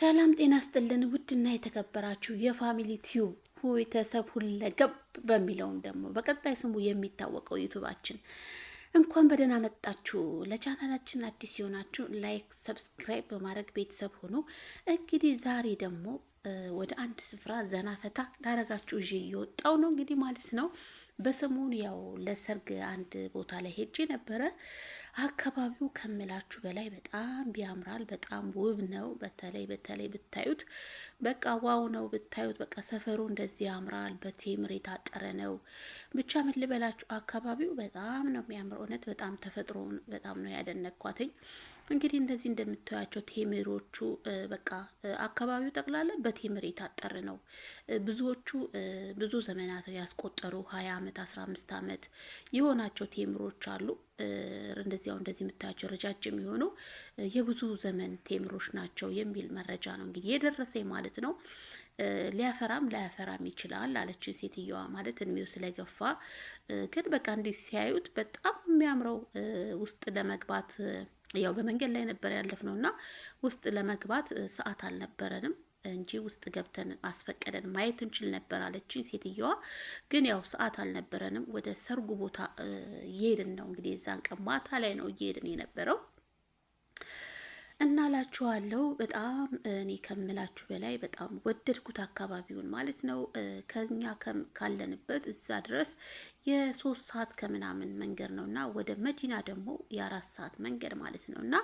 ሰላም ጤና ስጥልን። ውድና የተከበራችሁ የፋሚሊ ቲዩብ ቤተሰብ ሁለገብ በሚለውም ደግሞ በቀጣይ ስሙ የሚታወቀው ዩቱባችን እንኳን በደህና መጣችሁ። ለቻናላችን አዲስ የሆናችሁ ላይክ፣ ሰብስክራይብ በማድረግ ቤተሰብ ሆኖ እንግዲህ ዛሬ ደግሞ ወደ አንድ ስፍራ ዘና ፈታ ላረጋችሁ ይዤ እየወጣው ነው እንግዲህ ማለት ነው። በሰሞኑ ያው ለሰርግ አንድ ቦታ ላይ ሄጄ ነበረ። አካባቢው ከምላችሁ በላይ በጣም ቢያምራል። በጣም ውብ ነው። በተለይ በተለይ ብታዩት በቃ ዋው ነው ብታዩት። በቃ ሰፈሩ እንደዚህ ያምራል። በቴምር የታጠረ ነው። ብቻ ምን ልበላችሁ አካባቢው በጣም ነው የሚያምር። እውነት በጣም ተፈጥሮ በጣም ነው ያደነኳትኝ። እንግዲህ እንደዚህ እንደምታያቸው ቴምሮቹ በቃ አካባቢው ጠቅላላ በቴምር የታጠረ ነው። ብዙዎቹ ብዙ ዘመናት ያስቆጠሩ ሀያ አመት አስራ አምስት አመት የሆናቸው ቴምሮች አሉ። እንደዚያው እንደዚህ የምታያቸው ረጃጅም የሆኑ የብዙ ዘመን ቴምሮች ናቸው የሚል መረጃ ነው እንግዲህ የደረሰኝ ማለት ነው። ሊያፈራም ላያፈራም ይችላል አለች ሴትየዋ። ማለት እድሜው ስለገፋ ግን በቃ እንዲህ ሲያዩት በጣም የሚያምረው ውስጥ ለመግባት ያው በመንገድ ላይ ነበር ያለፍነው እና ውስጥ ለመግባት ሰዓት አልነበረንም እንጂ ውስጥ ገብተን አስፈቀደን ማየት እንችል ነበር አለችኝ ሴትየዋ። ግን ያው ሰዓት አልነበረንም። ወደ ሰርጉ ቦታ እየሄድን ነው እንግዲህ የዛን ቀን ማታ ላይ ነው እየሄድን የነበረው እናላችኋለው በጣም እኔ ከምላችሁ በላይ በጣም ወደድኩት አካባቢውን ማለት ነው። ከኛ ካለንበት እዛ ድረስ የሶስት ሰዓት ከምናምን መንገድ ነው እና ወደ መዲና ደግሞ የአራት ሰዓት መንገድ ማለት ነው እና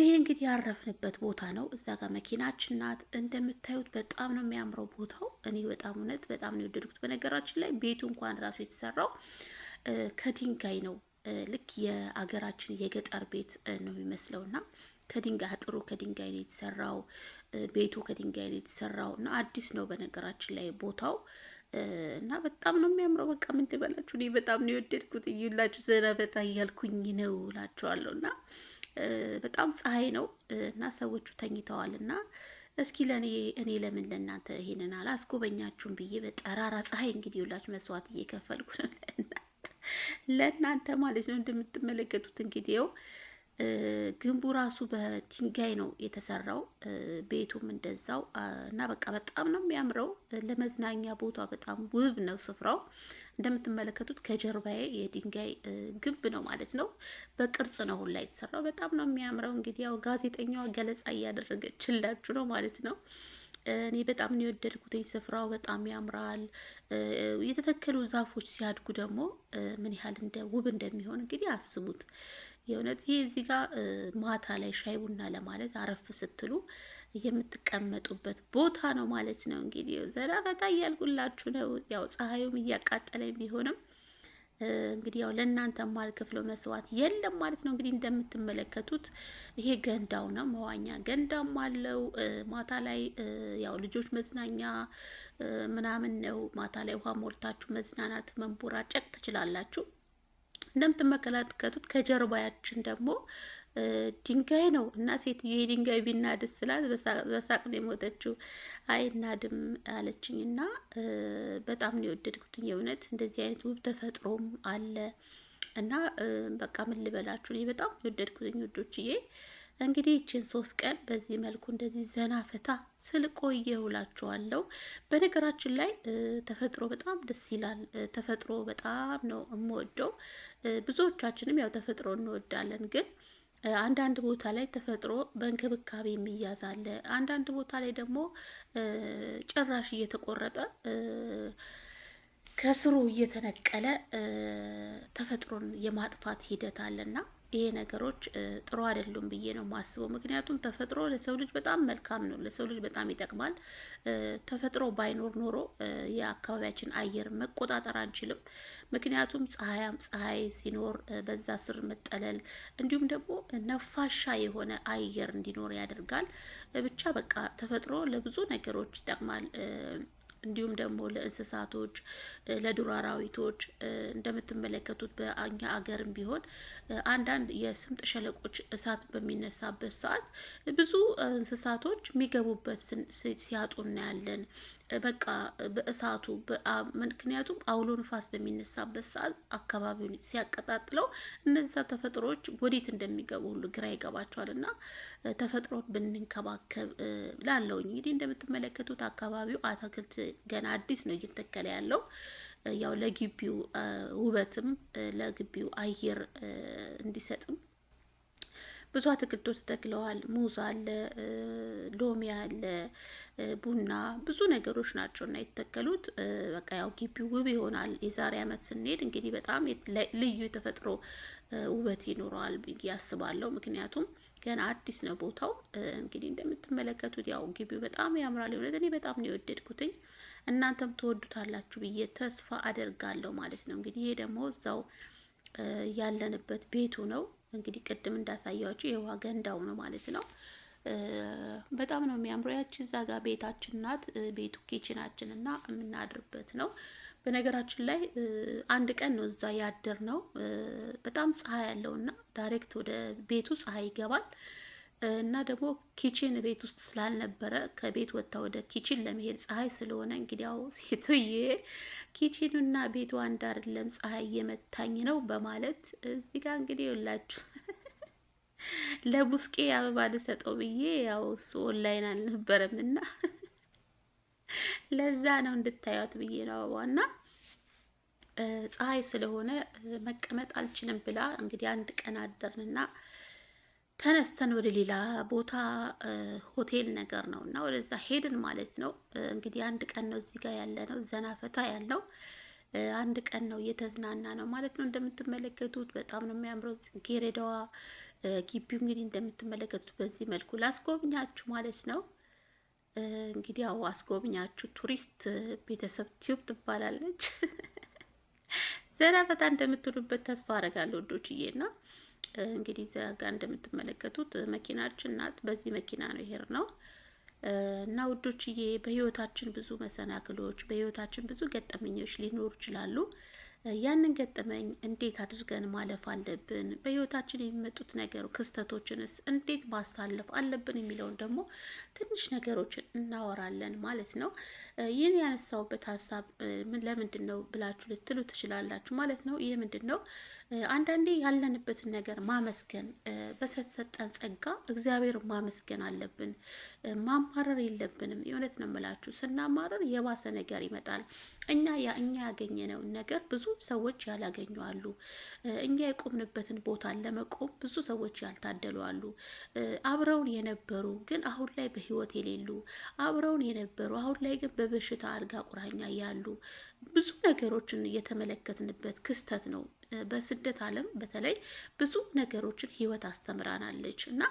ይሄ እንግዲህ ያረፍንበት ቦታ ነው። እዛ ጋር መኪናችን ናት እንደምታዩት፣ በጣም ነው የሚያምረው ቦታው። እኔ በጣም እውነት በጣም ነው የወደድኩት። በነገራችን ላይ ቤቱ እንኳን ራሱ የተሰራው ከድንጋይ ነው። ልክ የአገራችን የገጠር ቤት ነው የሚመስለውና ከድንጋይ አጥሩ ከድንጋይ ነው የተሰራው፣ ቤቱ ከድንጋይ ነው የተሰራው እና አዲስ ነው በነገራችን ላይ ቦታው እና በጣም ነው የሚያምረው። በቃ ምን ልበላችሁ እኔ በጣም ነው የወደድኩት። እዩላችሁ ዘና ፈታ እያልኩኝ ነው እላችኋለሁ። እና በጣም ፀሐይ ነው እና ሰዎቹ ተኝተዋል እና እስኪ ለእኔ እኔ ለምን ለእናንተ ይሄንን አላስጎበኛችሁም ብዬ በጠራራ ፀሐይ እንግዲህ ሁላችሁ መስዋዕት እየከፈልኩ ነው ለእናንተ ማለት ነው። እንደምትመለከቱት እንግዲህ ግንቡ ራሱ በድንጋይ ነው የተሰራው፣ ቤቱም እንደዛው እና በቃ በጣም ነው የሚያምረው። ለመዝናኛ ቦታ በጣም ውብ ነው ስፍራው። እንደምትመለከቱት ከጀርባዬ የድንጋይ ግንብ ነው ማለት ነው። በቅርጽ ነው ሁላ የተሰራው። በጣም ነው የሚያምረው። እንግዲህ ያው ጋዜጠኛዋ ገለጻ እያደረገችላችሁ ነው ማለት ነው። እኔ በጣም ነው የወደድኩትኝ። ስፍራው በጣም ያምራል። የተተከሉ ዛፎች ሲያድጉ ደግሞ ምን ያህል እንደ ውብ እንደሚሆን እንግዲህ አስቡት። የእውነት ይህ እዚህ ጋር ማታ ላይ ሻይ ቡና ለማለት አረፍ ስትሉ የምትቀመጡበት ቦታ ነው ማለት ነው። እንግዲህ ዘና ፈታ እያልኩላችሁ ነው። ያው ፀሐዩም እያቃጠለኝ ቢሆንም እንግዲህ ያው ለእናንተ ማልከፍለው መስዋዕት የለም ማለት ነው። እንግዲህ እንደምትመለከቱት ይሄ ገንዳው ነው፣ መዋኛ ገንዳም አለው። ማታ ላይ ያው ልጆች መዝናኛ ምናምን ነው። ማታ ላይ ውሃ ሞልታችሁ መዝናናት መንቦራጨቅ ትችላላችሁ። እንደምትመለከቱት ከጀርባያችን ደግሞ ድንጋይ ነው እና ሴትዮ የድንጋይ ቢናድስ ስላት በሳቅ ነው የሞተችው። አይ እናድም አለችኝ እና በጣም ነው የወደድኩትኝ። የእውነት እንደዚህ አይነት ውብ ተፈጥሮም አለ እና በቃ ምን ልበላችሁ እኔ በጣም የወደድኩትኝ ውዶችዬ። እንግዲህ ይችን ሶስት ቀን በዚህ መልኩ እንደዚህ ዘና ፈታ ስልቆየውላችኋለሁ። በነገራችን ላይ ተፈጥሮ በጣም ደስ ይላል። ተፈጥሮ በጣም ነው የምወደው። ብዙዎቻችንም ያው ተፈጥሮ እንወዳለን ግን አንዳንድ ቦታ ላይ ተፈጥሮ በእንክብካቤ የሚያዝ አለ። አንዳንድ ቦታ ላይ ደግሞ ጭራሽ እየተቆረጠ ከስሩ እየተነቀለ ተፈጥሮን የማጥፋት ሂደት አለና ይሄ ነገሮች ጥሩ አይደሉም ብዬ ነው ማስበው። ምክንያቱም ተፈጥሮ ለሰው ልጅ በጣም መልካም ነው፣ ለሰው ልጅ በጣም ይጠቅማል። ተፈጥሮ ባይኖር ኖሮ የአካባቢያችን አየር መቆጣጠር አንችልም። ምክንያቱም ፀሐያም ፀሐይ ሲኖር በዛ ስር መጠለል እንዲሁም ደግሞ ነፋሻ የሆነ አየር እንዲኖር ያደርጋል። ብቻ በቃ ተፈጥሮ ለብዙ ነገሮች ይጠቅማል። እንዲሁም ደግሞ ለእንስሳቶች፣ ለዱር አራዊቶች እንደምትመለከቱት በእኛ አገርም ቢሆን አንዳንድ የስምጥ ሸለቆች እሳት በሚነሳበት ሰዓት ብዙ እንስሳቶች የሚገቡበት ሲያጡ እናያለን። በቃ በእሳቱ ምክንያቱም አውሎ ንፋስ በሚነሳበት ሰዓት አካባቢውን ሲያቀጣጥለው እነዛ ተፈጥሮዎች ወዴት እንደሚገቡ ሁሉ ግራ ይገባቸዋል። እና ተፈጥሮን ብንንከባከብ ላለውኝ እንግዲህ እንደምትመለከቱት አካባቢው አትክልት ገና አዲስ ነው እየተከለ ያለው ያው ለግቢው ውበትም ለግቢው አየር እንዲሰጥም ብዙ አትክልቶች ተተክለዋል። ሙዝ አለ፣ ሎሚ አለ፣ ቡና ብዙ ነገሮች ናቸው እና የተተከሉት። በቃ ያው ግቢው ውብ ይሆናል። የዛሬ አመት ስንሄድ እንግዲህ በጣም ልዩ የተፈጥሮ ውበት ይኖረዋል ብዬ አስባለሁ። ምክንያቱም ገና አዲስ ነው ቦታው። እንግዲህ እንደምትመለከቱት ያው ግቢው በጣም ያምራል። የሆነ እኔ በጣም ነው የወደድኩትኝ። እናንተም ትወዱታላችሁ ብዬ ተስፋ አደርጋለሁ ማለት ነው። እንግዲህ ይሄ ደግሞ እዛው ያለንበት ቤቱ ነው። እንግዲህ ቅድም እንዳሳያችሁ የውሃ ገንዳው ነው ማለት ነው። በጣም ነው የሚያምረው። ያቺ እዛ ጋር ቤታችን ናት። ቤቱ ኪችናችን እና የምናድርበት ነው። በነገራችን ላይ አንድ ቀን ነው እዛ ያደር ነው። በጣም ፀሐይ ያለውና ዳይሬክት ወደ ቤቱ ፀሐይ ይገባል። እና ደግሞ ኪችን ቤት ውስጥ ስላልነበረ ከቤት ወጥታ ወደ ኪችን ለመሄድ ፀሐይ ስለሆነ እንግዲያው ሴትዬ ኪችኑና ቤቱ አንድ አይደለም፣ ፀሐይ እየመታኝ ነው በማለት እዚህ ጋር እንግዲህ ይውላችሁ ለቡስቄ አበባ ልሰጠው ብዬ ያው እሱ ኦንላይን አልነበረም እና ለዛ ነው እንድታዩት ብዬ ነው አበባና ፀሐይ ስለሆነ መቀመጥ አልችልም ብላ እንግዲህ አንድ ቀን አደርንና ተነስተን ወደ ሌላ ቦታ ሆቴል ነገር ነው እና ወደዛ ሄድን ማለት ነው። እንግዲህ አንድ ቀን ነው እዚህ ጋር ያለ ነው ዘና ፈታ ያለው አንድ ቀን ነው እየተዝናና ነው ማለት ነው። እንደምትመለከቱት በጣም ነው የሚያምረው ጌሬዳዋ ግቢው እንግዲህ እንደምትመለከቱት በዚህ መልኩ ላስጎብኛችሁ ማለት ነው። እንግዲህ ያው አስጎብኛችሁ ቱሪስት ቤተሰብ ቲዩብ ትባላለች። ዘና ፈታ እንደምትሉበት ተስፋ አረጋለሁ ወዶችዬ ና እንግዲህ እዚያ ጋር እንደምትመለከቱት መኪናችን ናት። በዚህ መኪና ነው ይሄር ነው እና ውዶችዬ፣ በህይወታችን ብዙ መሰናክሎች፣ በህይወታችን ብዙ ገጠመኞች ሊኖሩ ይችላሉ። ያንን ገጠመኝ እንዴት አድርገን ማለፍ አለብን፣ በህይወታችን የሚመጡት ነገር ክስተቶችንስ እንዴት ማሳለፍ አለብን የሚለውን ደግሞ ትንሽ ነገሮችን እናወራለን ማለት ነው። ይህን ያነሳውበት ሀሳብ ለምንድን ነው ብላችሁ ልትሉ ትችላላችሁ ማለት ነው። ይህ ምንድን ነው? አንዳንዴ ያለንበትን ነገር ማመስገን በሰጠን ጸጋ እግዚአብሔር ማመስገን አለብን። ማማረር የለብንም። የእውነት ነው የምላችሁ፣ ስናማረር የባሰ ነገር ይመጣል። እኛ ያ እኛ ያገኘነውን ነገር ብዙ ሰዎች ያላገኙ አሉ። እኛ የቆምንበትን ቦታ ለመቆም ብዙ ሰዎች ያልታደሉ አሉ። አብረውን የነበሩ ግን አሁን ላይ በህይወት የሌሉ አብረውን የነበሩ አሁን ላይ ግን በበሽታ አልጋ ቁራኛ ያሉ ብዙ ነገሮችን እየተመለከትንበት ክስተት ነው። በስደት ዓለም በተለይ ብዙ ነገሮችን ህይወት አስተምራናለች እና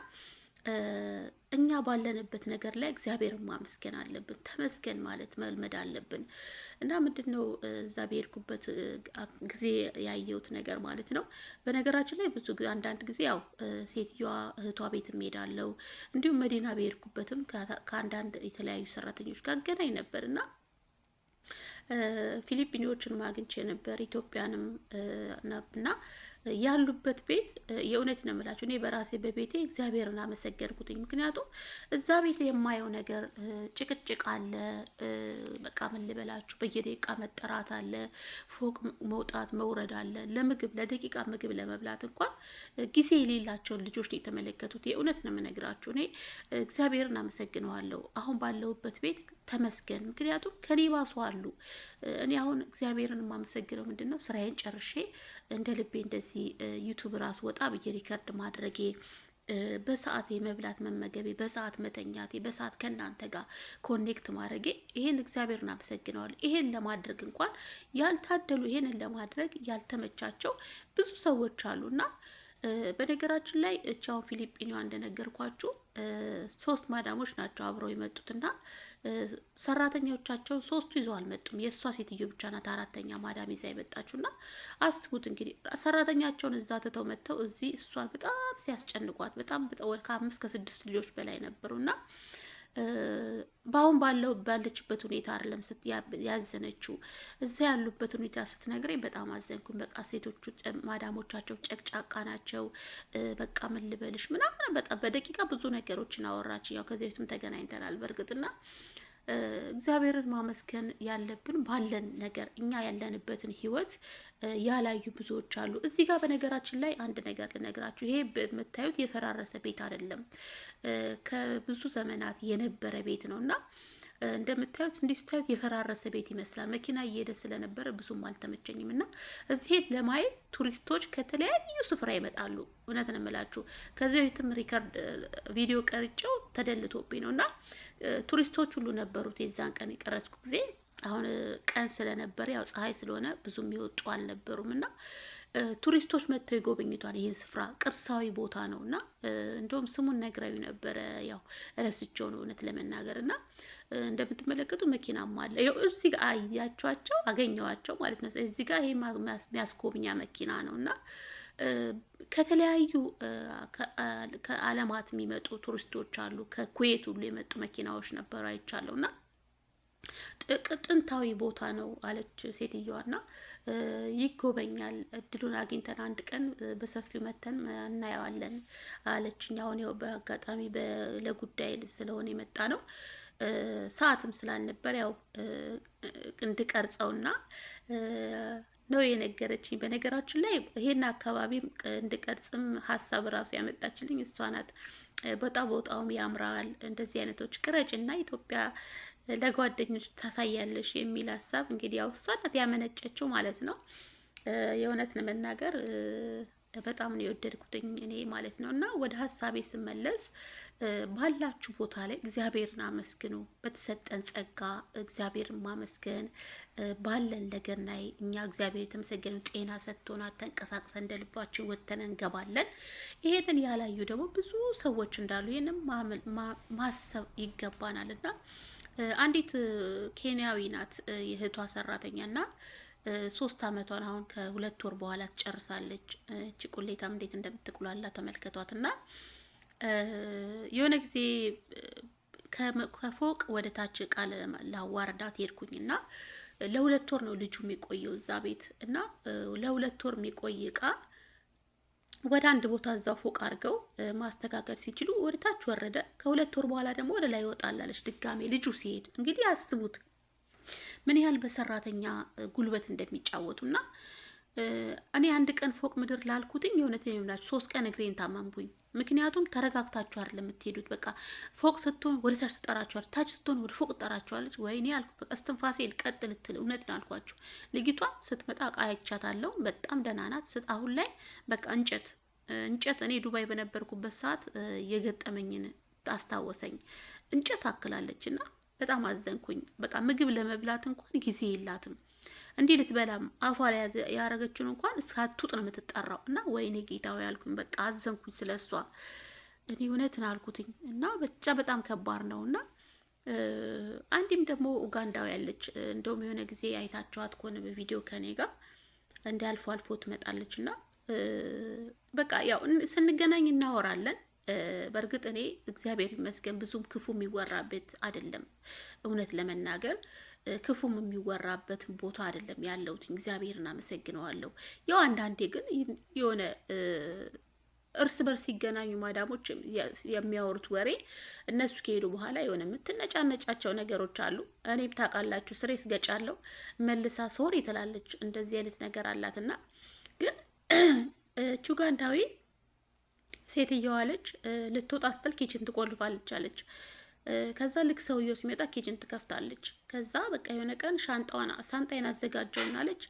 እኛ ባለንበት ነገር ላይ እግዚአብሔር ማመስገን አለብን። ተመስገን ማለት መልመድ አለብን እና ምንድን ነው እዛ በሄድኩበት ጊዜ ያየሁት ነገር ማለት ነው። በነገራችን ላይ ብዙ አንዳንድ ጊዜ ያው ሴትዮዋ እህቷ ቤት ሄዳለው እንዲሁም መዲና በሄድኩበትም ከአንዳንድ የተለያዩ ሰራተኞች ጋር ገናኝ ነበር እና ፊሊፒኒዎችንም አግኝቼ ነበር፣ ኢትዮጵያንም እና ያሉበት ቤት የእውነት ነው የምላችሁ። እኔ በራሴ በቤቴ እግዚአብሔርን አመሰገንኩትኝ። ምክንያቱም እዛ ቤት የማየው ነገር ጭቅጭቅ አለ፣ ምን ልበላችሁ፣ በየደቂቃ መጠራት አለ፣ ፎቅ መውጣት መውረድ አለ። ለምግብ ለደቂቃ ምግብ ለመብላት እንኳን ጊዜ የሌላቸውን ልጆች ነው የተመለከቱት። የእውነት ነው የምነግራችሁ። እኔ እግዚአብሔርን አመሰግነዋለሁ አሁን ባለሁበት ቤት ተመስገን። ምክንያቱም ከኔ ባሱ አሉ። እኔ አሁን እግዚአብሔርን የማመሰግነው ምንድን ነው ስራዬን ጨርሼ እንደ ልቤ እንደዚህ ዩቱብ ራሱ ወጣ ብዬ ሪከርድ ማድረጌ በሰዓት የመብላት መመገቤ፣ በሰዓት መተኛቴ፣ በሰዓት ከእናንተ ጋር ኮኔክት ማድረጌ ይሄን እግዚአብሔርን አመሰግነዋለሁ። ይሄን ለማድረግ እንኳን ያልታደሉ ይሄንን ለማድረግ ያልተመቻቸው ብዙ ሰዎች አሉና በነገራችን ላይ እቻውን ፊሊጲኒዋ እንደነገርኳችሁ ሶስት ማዳሞች ናቸው አብረው የመጡት እና ሰራተኞቻቸውን ሶስቱ ይዘው አልመጡም። የእሷ ሴትዮ ብቻ ናት አራተኛ ማዳም ይዛ የመጣችሁና አስቡት እንግዲህ ሰራተኛቸውን እዛ ትተው መጥተው እዚህ እሷን በጣም ሲያስጨንቋት በጣም ከአምስት ከስድስት ልጆች በላይ ነበሩና በአሁን ባለው ባለችበት ሁኔታ አይደለም ስት ያዘነችው እዛ ያሉበት ሁኔታ ስትነግረኝ በጣም አዘንኩኝ። በቃ ሴቶቹ ማዳሞቻቸው ጨቅጫቃ ናቸው። በቃ ምን ልበልሽ ምናምን በጣም በደቂቃ ብዙ ነገሮችን አወራች። ያው ከዚህ በፊትም ተገናኝተናል በእርግጥና እግዚአብሔርን ማመስገን ያለብን ባለን ነገር፣ እኛ ያለንበትን ህይወት ያላዩ ብዙዎች አሉ። እዚህ ጋር በነገራችን ላይ አንድ ነገር ልነግራችሁ፣ ይሄ የምታዩት የፈራረሰ ቤት አይደለም፣ ከብዙ ዘመናት የነበረ ቤት ነው እና እንደምታዩት እንዲህ ስታዩት የፈራረሰ ቤት ይመስላል። መኪና እየሄደ ስለነበረ ብዙም አልተመቸኝም እና እዚህ ለማየት ቱሪስቶች ከተለያዩ ስፍራ ይመጣሉ። እውነት ነው የምላችሁ ከዚህ በፊትም ሪከርድ ቪዲዮ ቀርጬው ተደልቶብኝ ነው እና ቱሪስቶች ሁሉ ነበሩት የዛን ቀን የቀረስኩ ጊዜ አሁን ቀን ስለነበረ ያው ፀሐይ ስለሆነ ብዙም ይወጡ አልነበሩም እና ቱሪስቶች መጥተው ይጎበኝቷል። ይህን ስፍራ ቅርሳዊ ቦታ ነው እና እንደውም ስሙን ነግራዊ ነበረ ያው ረስቸው ነው እውነት ለመናገር እና እንደምትመለከቱ መኪናም አለ። ይኸው እዚህ ጋር አያቸዋቸው አገኘዋቸው ማለት ነው። እዚህ ጋር ይሄ የሚያስጎብኛ መኪና ነው እና ከተለያዩ ከዓለማት የሚመጡ ቱሪስቶች አሉ። ከኩዌት ሁሉ የመጡ መኪናዎች ነበሩ አይቻለሁ እና ጥንታዊ ቦታ ነው አለች ሴትዮዋና፣ ይጎበኛል። እድሉን አግኝተን አንድ ቀን በሰፊው መተን እናየዋለን አለችኝ። አሁን ያው በአጋጣሚ ለጉዳይ ስለሆነ የመጣ ነው። ሰዓትም ስላልነበር ያው እንድቀርጸውና ነው የነገረችኝ። በነገራችን ላይ ይሄን አካባቢ እንድቀርጽም ሀሳብ ራሱ ያመጣችልኝ እሷ ናት። በጣም ቦታውም ያምራል፣ እንደዚህ አይነቶች ቅረጭና ኢትዮጵያ ለጓደኞች ታሳያለሽ የሚል ሀሳብ እንግዲህ ያው እሷ ናት ያመነጨችው ማለት ነው። የእውነት ለመናገር በጣም ነው የወደድኩትኝ እኔ ማለት ነው። እና ወደ ሀሳቤ ስመለስ ባላችሁ ቦታ ላይ እግዚአብሔርን አመስግኑ። በተሰጠን ጸጋ እግዚአብሔርን ማመስገን ባለን ነገር ላይ እኛ እግዚአብሔር የተመሰገነው ጤና ሰጥቶና ተንቀሳቅሰን እንደ ልባችን ወጥተን እንገባለን። ይሄንን ያላዩ ደግሞ ብዙ ሰዎች እንዳሉ ይህንም ማሰብ ይገባናል እና አንዲት ኬንያዊ ናት የእህቷ ሰራተኛ ና ሶስት አመቷን አሁን ከሁለት ወር በኋላ ትጨርሳለች። እቺ ቁሌታም እንዴት እንደምትቁላላ ተመልከቷት እና የሆነ ጊዜ ከፎቅ ወደ ታች እቃ ላዋርዳት ሄድኩኝ እና ለሁለት ወር ነው ልጁ የሚቆየው እዛ ቤት እና ለሁለት ወር የሚቆይ እቃ ወደ አንድ ቦታ እዛው ፎቅ አድርገው ማስተካከል ሲችሉ ወደ ታች ወረደ። ከሁለት ወር በኋላ ደግሞ ወደ ላይ ይወጣላለች ድጋሜ ልጁ ሲሄድ እንግዲህ አስቡት ምን ያህል በሰራተኛ ጉልበት እንደሚጫወቱና እኔ አንድ ቀን ፎቅ ምድር ላልኩትኝ የእውነት የምላችሁ ሶስት ቀን እግሬን ታመምኩኝ። ምክንያቱም ተረጋግታችሁ አይደል የምትሄዱት። በቃ ፎቅ ስትሆን ወደ ታች ትጠራችኋለች፣ ታች ስትሆን ወደ ፎቅ ትጠራችኋለች። ወይኔ አልኩ በቃ እስትንፋሴ ልቀጥ ልትል እውነት ነው አልኳችሁ። ልጅቷ ስትመጣ እቃ አይቻታለሁ። በጣም ደህና ናት። ስት አሁን ላይ በቃ እንጨት እንጨት እኔ ዱባይ በነበርኩበት ሰዓት የገጠመኝን አስታወሰኝ። እንጨት አክላለች እና በጣም አዘንኩኝ። በቃ ምግብ ለመብላት እንኳን ጊዜ የላትም። እንዲህ ልትበላም አፏ ላይ ያደረገችውን እንኳን እስከ ነው የምትጠራው። እና ወይኔ ጌታው ያልኩኝ በቃ አዘንኩኝ ስለ እሷ። እኔ እውነትን አልኩትኝ እና ብቻ በጣም ከባድ ነው እና አንዲም ደግሞ ኡጋንዳው ያለች እንደውም የሆነ ጊዜ አይታችኋት ከሆነ በቪዲዮ ከኔ ጋር እንዲ አልፎ አልፎ ትመጣለች እና በቃ ያው ስንገናኝ እናወራለን በእርግጥ እኔ እግዚአብሔር ይመስገን ብዙም ክፉ የሚወራበት አይደለም። እውነት ለመናገር ክፉም የሚወራበት ቦታ አይደለም ያለሁት። እግዚአብሔርን አመሰግነዋለሁ። ያው አንዳንዴ ግን የሆነ እርስ በርስ ሲገናኙ ማዳሞች የሚያወሩት ወሬ እነሱ ከሄዱ በኋላ የሆነ የምትነጫነጫቸው ነገሮች አሉ። እኔም ታውቃላችሁ ስሬ ስገጫለሁ መልሳ ሶሪ ትላለች። እንደዚህ አይነት ነገር አላትና ግን ቹጋንዳዊ ሴትየዋ ልጅ ልትወጣ ስትል ኪችን ትቆልፋለች አለች። ከዛ ልክ ሰውየው ሲመጣ ኪችን ትከፍታለች። ከዛ በቃ የሆነ ቀን ሻንጣዋና ሳንጣይን አዘጋጀውና አለች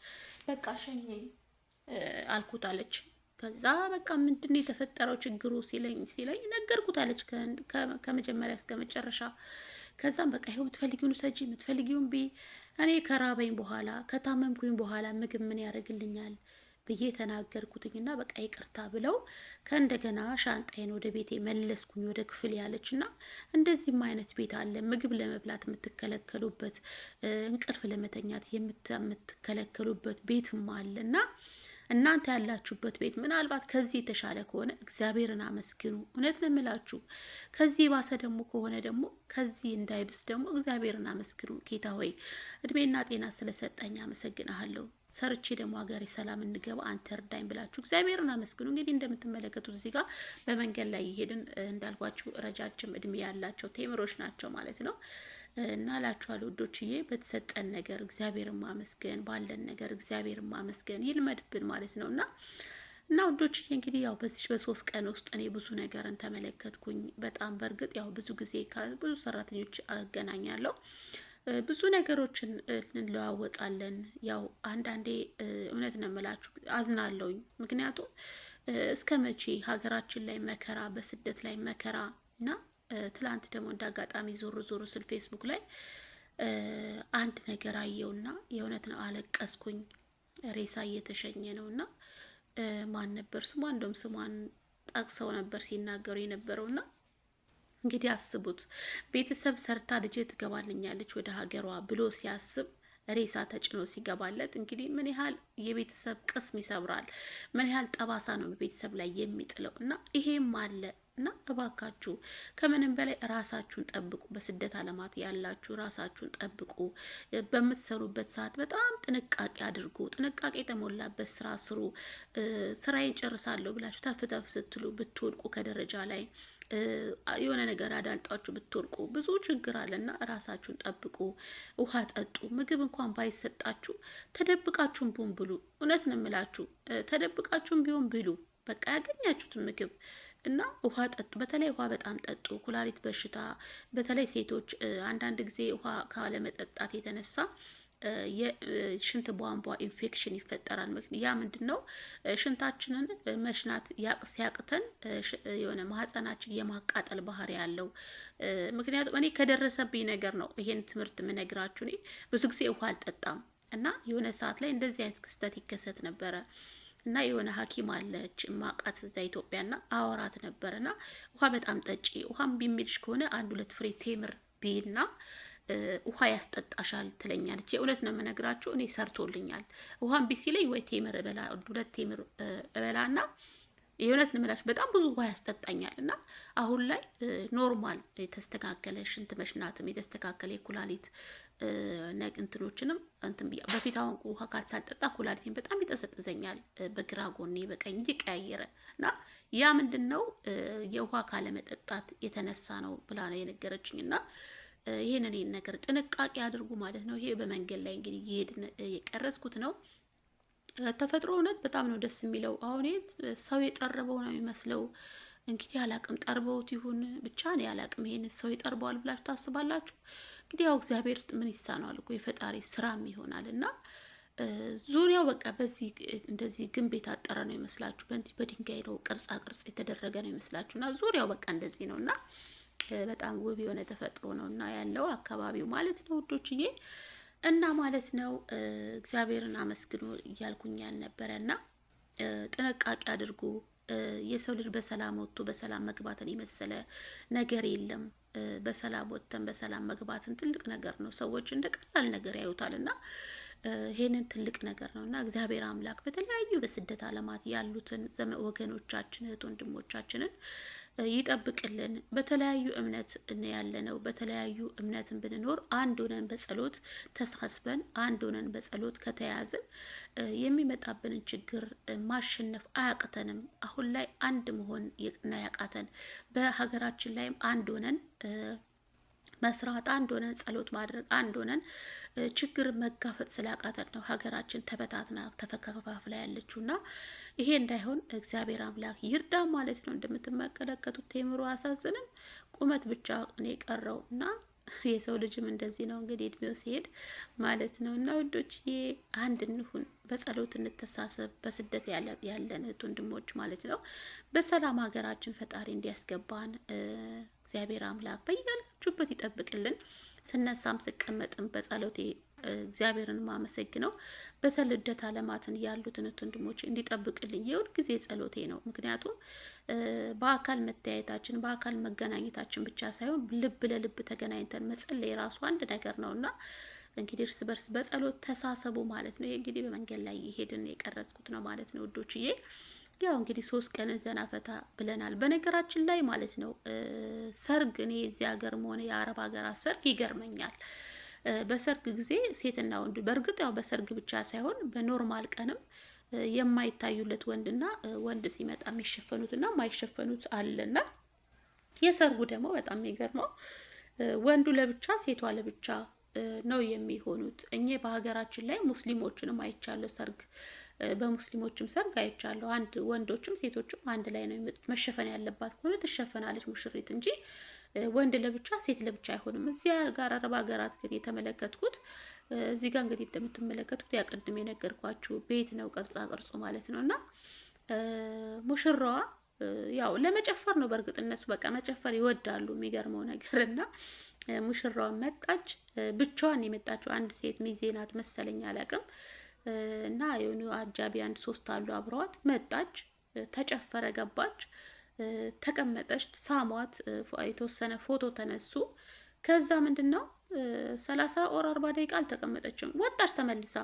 በቃ ሸኘኝ አልኩት አለች። ከዛ በቃ ምንድን የተፈጠረው ችግሩ ሲለኝ ሲለኝ ነገርኩት አለች ከመጀመሪያ እስከ መጨረሻ። ከዛም በቃ ይኸው የምትፈልጊውን ሰጂ የምትፈልጊውን ቢ እኔ ከራበኝ በኋላ ከታመምኩኝ በኋላ ምግብ ምን ያደርግልኛል ብዬ ተናገርኩትኝና በቃ ይቅርታ ብለው ከእንደገና ሻንጣዬን ወደ ቤቴ መለስኩኝ ወደ ክፍል ያለች እና እንደዚህም አይነት ቤት አለ። ምግብ ለመብላት የምትከለከሉበት፣ እንቅልፍ ለመተኛት የምትከለከሉበት ቤትም አለ እና እናንተ ያላችሁበት ቤት ምናልባት ከዚህ የተሻለ ከሆነ እግዚአብሔርን አመስግኑ። እውነት ነው የምላችሁ። ከዚህ የባሰ ደግሞ ከሆነ ደግሞ ከዚህ እንዳይብስ ደግሞ እግዚአብሔርን አመስግኑ። ጌታ ሆይ እድሜና ጤና ስለሰጠኝ አመሰግናሃለሁ። ሰርቼ ደግሞ ሀገሬ ሰላም እንገባ አንተ እርዳኝ ብላችሁ እግዚአብሔርን አመስግኑ። እንግዲህ እንደምትመለከቱት እዚህ ጋር በመንገድ ላይ ይሄድን እንዳልኳችሁ ረጃጅም እድሜ ያላቸው ቴምሮች ናቸው ማለት ነው። እና እላችኋለሁ ውዶችዬ፣ በተሰጠን ነገር እግዚአብሔር ማመስገን፣ ባለን ነገር እግዚአብሔር ማመስገን ይልመድብን ማለት ነው እና እና ውዶችዬ እንግዲህ ያው በዚች በሶስት ቀን ውስጥ እኔ ብዙ ነገርን ተመለከትኩኝ። በጣም በእርግጥ ያው ብዙ ጊዜ ብዙ ሰራተኞች አገናኛለሁ፣ ብዙ ነገሮችን እንለዋወጣለን። ያው አንዳንዴ እውነት ነው የምላችሁ ምክንያቱም እስከ መቼ ሀገራችን ላይ መከራ፣ በስደት ላይ መከራ እና ትላንት ደግሞ እንደ አጋጣሚ ዞሮ ዞሮ ስል ፌስቡክ ላይ አንድ ነገር አየውና የእውነት ነው አለቀስኩኝ። ሬሳ እየተሸኘ ነው እና ማን ነበር ስሟ? እንደውም ስሟን ጠቅሰው ነበር ሲናገሩ የነበረው እና እንግዲህ አስቡት ቤተሰብ ሰርታ ልጄ ትገባልኛለች ወደ ሀገሯ ብሎ ሲያስብ ሬሳ ተጭኖ ሲገባለት እንግዲህ ምን ያህል የቤተሰብ ቅስም ይሰብራል፣ ምን ያህል ጠባሳ ነው በቤተሰብ ላይ የሚጥለው እና ይሄም አለ እና እባካችሁ ከምንም በላይ ራሳችሁን ጠብቁ። በስደት አለማት ያላችሁ ራሳችሁን ጠብቁ። በምትሰሩበት ሰዓት በጣም ጥንቃቄ አድርጉ። ጥንቃቄ የተሞላበት ስራ ስሩ። ስራዬን ጨርሳለሁ ብላችሁ ተፍተፍ ስትሉ ብትወድቁ ከደረጃ ላይ የሆነ ነገር አዳልጧችሁ ብትወርቁ ብዙ ችግር አለና ራሳችሁን ጠብቁ። ውሃ ጠጡ። ምግብ እንኳን ባይሰጣችሁ ተደብቃችሁም ቢሆን ብሉ። እውነት ነው የምላችሁ፣ ተደብቃችሁም ቢሆን ብሉ። በቃ ያገኛችሁትን ምግብ እና ውሃ ጠጡ። በተለይ ውሃ በጣም ጠጡ። ኩላሊት በሽታ በተለይ ሴቶች አንዳንድ ጊዜ ውሃ ካለመጠጣት የተነሳ የሽንት ቧንቧ ኢንፌክሽን ይፈጠራል። ያ ምንድን ነው? ሽንታችንን መሽናት ሲያቅተን የሆነ ማህፀናችን የማቃጠል ባህሪ ያለው። ምክንያቱም እኔ ከደረሰብኝ ነገር ነው ይሄን ትምህርት የምነግራችሁ። እኔ ብዙ ጊዜ ውሃ አልጠጣም እና የሆነ ሰዓት ላይ እንደዚህ አይነት ክስተት ይከሰት ነበረ እና የሆነ ሐኪም አለች ማቃት እዛ ኢትዮጵያ ና አወራት ነበረ ና ውሃ በጣም ጠጪ፣ ውሃም ቢሚልሽ ከሆነ አንድ ሁለት ፍሬ ቴምር ቢና ውሃ ያስጠጣሻል ትለኛለች። የእውነት ነው የምነግራችሁ፣ እኔ ሰርቶልኛል። ውሃን ቢሲ ላይ ወይ ቴምር እበላ ሁለት ቴምር እበላ ና የእውነት ነው በጣም ብዙ ውሃ ያስጠጣኛል። እና አሁን ላይ ኖርማል የተስተካከለ ሽንት መሽናትም የተስተካከለ የኩላሊት እንትኖችንም እንትን ብያ በፊት አሁን ውሃ ካልሳልጠጣ ኩላሊቴን በጣም ይጠሰጥዘኛል። በግራ ጎኔ በቀኝ እየቀያየረ እና ያ ምንድን ነው የውሃ ካለመጠጣት የተነሳ ነው ብላ ነው የነገረችኝ እና ይህንን ይህን ነገር ጥንቃቄ አድርጉ ማለት ነው። ይሄ በመንገድ ላይ እንግዲህ እየሄድን የቀረስኩት ነው። ተፈጥሮ እውነት በጣም ነው ደስ የሚለው። አሁን ሰው የጠረበው ነው የሚመስለው። እንግዲህ አላቅም ጠርበውት ይሁን ብቻ ነው ያላቅም። ይሄን ሰው ይጠርበዋል ብላችሁ ታስባላችሁ? እንግዲህ ያው እግዚአብሔር ምን ይሳነዋል እኮ የፈጣሪ ስራም ይሆናል እና ዙሪያው በቃ በዚህ እንደዚህ ግንብ የታጠረ ነው ይመስላችሁ፣ በድንጋይ ነው ቅርጻ ቅርጽ የተደረገ ነው ይመስላችሁ እና ዙሪያው በቃ እንደዚህ ነው እና በጣም ውብ የሆነ ተፈጥሮ ነው እና ያለው አካባቢው ማለት ነው ውዶችዬ እና ማለት ነው እግዚአብሔርን አመስግኖ እያልኩኝ ያልነበረ እና ጥንቃቄ አድርጎ የሰው ልጅ በሰላም ወጥቶ በሰላም መግባትን የመሰለ ነገር የለም። በሰላም ወጥተን በሰላም መግባትን ትልቅ ነገር ነው። ሰዎች እንደ ቀላል ነገር ያዩታል እና ይሄንን ትልቅ ነገር ነው እና እግዚአብሔር አምላክ በተለያዩ በስደት ዓለማት ያሉትን ወገኖቻችን እህት ወንድሞቻችንን ይጠብቅልን። በተለያዩ እምነት ያለ ነው። በተለያዩ እምነትን ብንኖር አንድ ሆነን በጸሎት ተሳስበን አንድ ሆነን በጸሎት ከተያዝን የሚመጣብንን ችግር ማሸነፍ አያቅተንም። አሁን ላይ አንድ መሆን ነው ያቃተን። በሀገራችን ላይም አንድ ሆነን መስራት አንድ ሆነን ጸሎት ማድረግ አንድ ሆነን ችግር መጋፈጥ ስላቃተን ነው ሀገራችን ተበታትና ተከፋፍላ ያለችው እና ይሄ እንዳይሆን እግዚአብሔር አምላክ ይርዳ ማለት ነው። እንደምትመለከቱት ቴምሮ አሳዝንም ቁመት ብቻ ነው የቀረው እና የሰው ልጅም እንደዚህ ነው እንግዲህ እድሜው ሲሄድ ማለት ነው። እና ውዶች አንድ እንሁን፣ በጸሎት እንተሳሰብ። በስደት ያለን እህት ወንድሞች ማለት ነው በሰላም ሀገራችን ፈጣሪ እንዲያስገባን እግዚአብሔር አምላክ በያላችሁበት ይጠብቅልን። ስነሳም ስቀመጥም በጸሎቴ እግዚአብሔርን ማመሰግነው በሰልደት አለማትን ያሉትን ወንድሞች እንዲጠብቅልኝ የሁል ጊዜ ጸሎቴ ነው። ምክንያቱም በአካል መተያየታችን በአካል መገናኘታችን ብቻ ሳይሆን ልብ ለልብ ተገናኝተን መጸለይ የራሱ አንድ ነገር ነውና እንግዲህ እርስ በርስ በጸሎት ተሳሰቡ ማለት ነው። ይህ እንግዲህ በመንገድ ላይ የሄድን የቀረጽኩት ነው ማለት ነው ውዶችዬ። ያው እንግዲህ ሶስት ቀን ዘና ፈታ ብለናል። በነገራችን ላይ ማለት ነው ሰርግ፣ እኔ የዚህ ሀገር ሆነ የአረብ ሀገራት ሰርግ ይገርመኛል። በሰርግ ጊዜ ሴትና ወንድ በእርግጥ ያው በሰርግ ብቻ ሳይሆን በኖርማል ቀንም የማይታዩለት ወንድና ወንድ ሲመጣ የሚሸፈኑትና የማይሸፈኑት አለና የሰርጉ ደግሞ በጣም የሚገርመው ወንዱ ለብቻ ሴቷ ለብቻ ነው የሚሆኑት። እኛ በሀገራችን ላይ ሙስሊሞችንም አይቻለሁ ሰርግ በሙስሊሞችም ሰርግ አይቻለሁ። አንድ ወንዶችም ሴቶችም አንድ ላይ ነው የሚመጡት። መሸፈን ያለባት ከሆነ ትሸፈናለች ሙሽሪት እንጂ ወንድ ለብቻ ሴት ለብቻ አይሆንም። እዚያ ጋር አረብ ሀገራት ግን የተመለከትኩት እዚህ ጋር እንግዲህ እንደምትመለከቱት ያቅድም የነገርኳችሁ ቤት ነው ቅርጻ ቅርጹ ማለት ነው እና ሙሽራዋ ያው ለመጨፈር ነው። በእርግጥ እነሱ በቃ መጨፈር ይወዳሉ። የሚገርመው ነገር እና ሙሽራዋን መጣች፣ ብቻዋን የመጣችው አንድ ሴት ሚዜ ናት መሰለኝ አላቅም። እና የሆኑ አጃቢ አንድ ሶስት አሉ አብረዋት። መጣች፣ ተጨፈረ፣ ገባች፣ ተቀመጠች፣ ሳሟት፣ የተወሰነ ፎቶ ተነሱ። ከዛ ምንድን ነው ሰላሳ ኦር አርባ ደቂቃ አልተቀመጠችም፣ ወጣች ተመልሳ።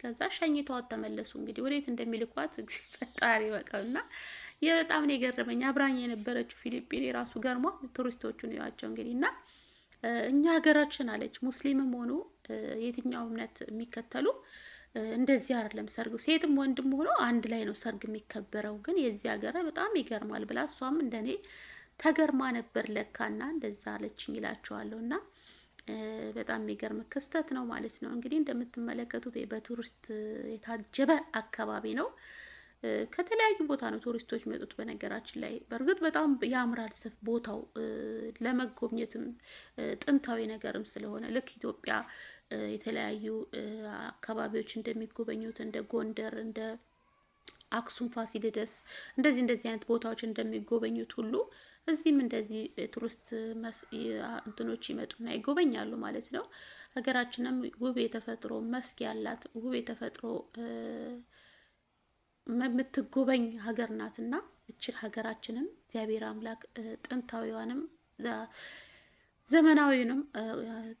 ከዛ ሸኝተዋት ተመለሱ። እንግዲህ ወዴት እንደሚልኳት ፈጣሪ በቀው እና የበጣም ነው የገረመኝ። አብራኝ የነበረችው ፊሊጲን የራሱ ገርሟ ቱሪስቶቹን ይዋቸው እንግዲህ እና እኛ ሀገራችን አለች ሙስሊምም ሆኑ የትኛው እምነት የሚከተሉ እንደዚህ አይደለም ሰርግ። ሴትም ወንድም ሆኖ አንድ ላይ ነው ሰርግ የሚከበረው። ግን የዚህ ሀገር በጣም ይገርማል ብላ እሷም እንደኔ ተገርማ ነበር ለካና እንደዛ አለችኝ ይላችኋለሁ። እና በጣም የሚገርም ክስተት ነው ማለት ነው። እንግዲህ እንደምትመለከቱት በቱሪስት የታጀበ አካባቢ ነው። ከተለያዩ ቦታ ነው ቱሪስቶች የሚመጡት። በነገራችን ላይ በእርግጥ በጣም ያምራል ስፍ ቦታው ለመጎብኘትም ጥንታዊ ነገርም ስለሆነ ልክ ኢትዮጵያ የተለያዩ አካባቢዎች እንደሚጎበኙት እንደ ጎንደር፣ እንደ አክሱም ፋሲልደስ እንደዚህ እንደዚህ አይነት ቦታዎች እንደሚጎበኙት ሁሉ እዚህም እንደዚህ ቱሪስት እንትኖች ይመጡና ይጎበኛሉ ማለት ነው። ሀገራችንም ውብ የተፈጥሮ መስክ ያላት ውብ የተፈጥሮ የምትጎበኝ ሀገር ናትና እችል ሀገራችንን እግዚአብሔር አምላክ ጥንታዊዋንም ዘመናዊንም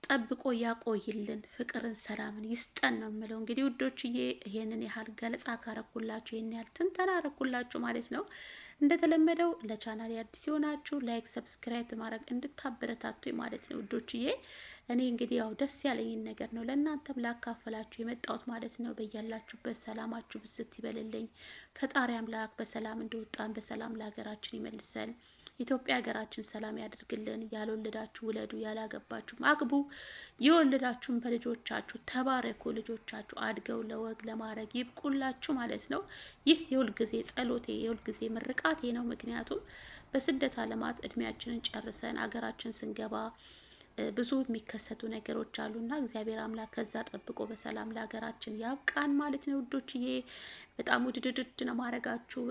ጠብቆ ያቆይልን፣ ፍቅርን፣ ሰላምን ይስጠን ነው የምለው። እንግዲህ ውዶችዬ ይሄንን ያህል ገለጻ ካረኩላችሁ ይህን ያህል ትንተና አረኩላችሁ ማለት ነው። እንደተለመደው ለቻናል አዲስ የሆናችሁ ላይክ፣ ሰብስክራይብ ማድረግ እንድታበረታቱ ማለት ነው ውዶችዬ። እኔ እንግዲህ ያው ደስ ያለኝን ነገር ነው ለእናንተም ላካፈላችሁ የመጣሁት ማለት ነው። በያላችሁበት ሰላማችሁ ብዝት ይበልልኝ። ፈጣሪ አምላክ በሰላም እንደወጣን በሰላም ለሀገራችን ይመልሰን። ኢትዮጵያ ሀገራችን ሰላም ያደርግልን። ያልወለዳችሁ ውለዱ፣ ያላገባችሁም አግቡ፣ የወለዳችሁም በልጆቻችሁ ተባረኩ። ልጆቻችሁ አድገው ለወግ ለማድረግ ይብቁላችሁ ማለት ነው። ይህ የሁልጊዜ ጸሎቴ የሁልጊዜ ምርቃቴ ነው። ምክንያቱም በስደት አለማት እድሜያችንን ጨርሰን አገራችን ስንገባ ብዙ የሚከሰቱ ነገሮች አሉና እግዚአብሔር አምላክ ከዛ ጠብቆ በሰላም ለሀገራችን ያብቃን ማለት ነው። ውዶችዬ በጣም ውድድድድ ነው ማድረጋችሁ